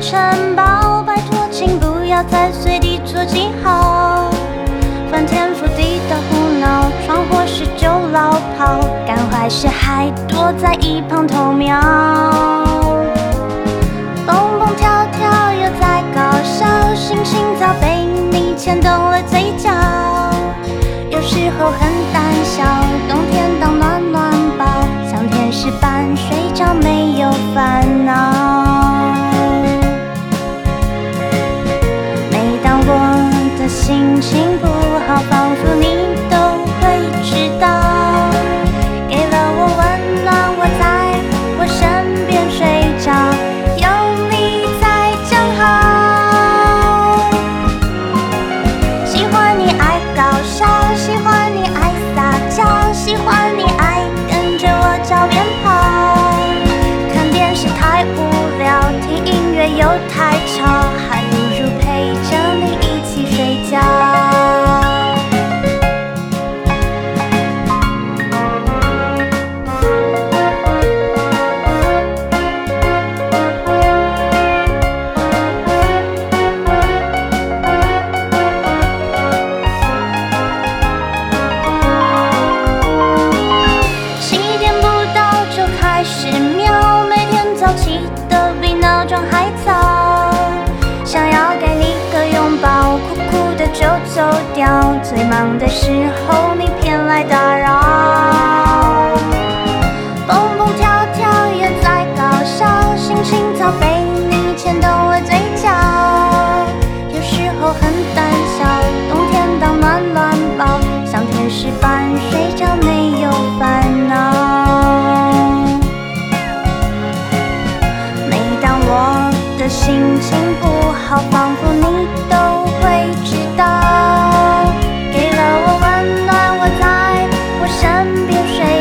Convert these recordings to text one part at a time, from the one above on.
城堡，拜託，請不要再隨地做記號。翻天覆地的胡鬧，闖禍時就烙跑，幹壞事還躲在一旁偷瞄。蹦蹦跳跳又在搞笑，心情糟被你牽動了嘴角。有時候很膽小，冬天當暖暖包，像天使般睡着。心情不好，仿佛你都會知道。給了我溫暖，窩在我身邊睡着，有你在真好。喜歡你愛搞笑，喜歡你愛撒嬌，喜歡你愛跟着我腳邊跑。看電視太無聊，聽音樂又太吵。早起得比鬧鐘還早，想要給你個擁抱，酷酷的就走掉。最忙的時候，你偏來打擾。蹦蹦跳跳又在搞笑，心情糟被你牽動了嘴角。有時候很膽小。心情不好，仿佛你都會知道，給了我溫暖，窩在我身邊睡。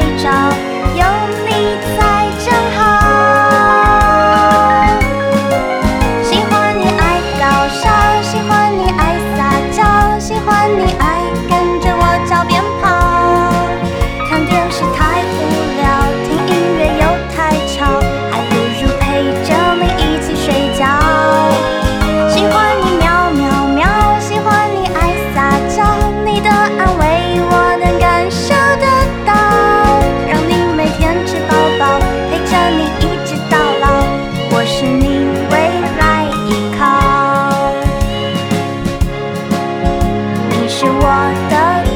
是我的。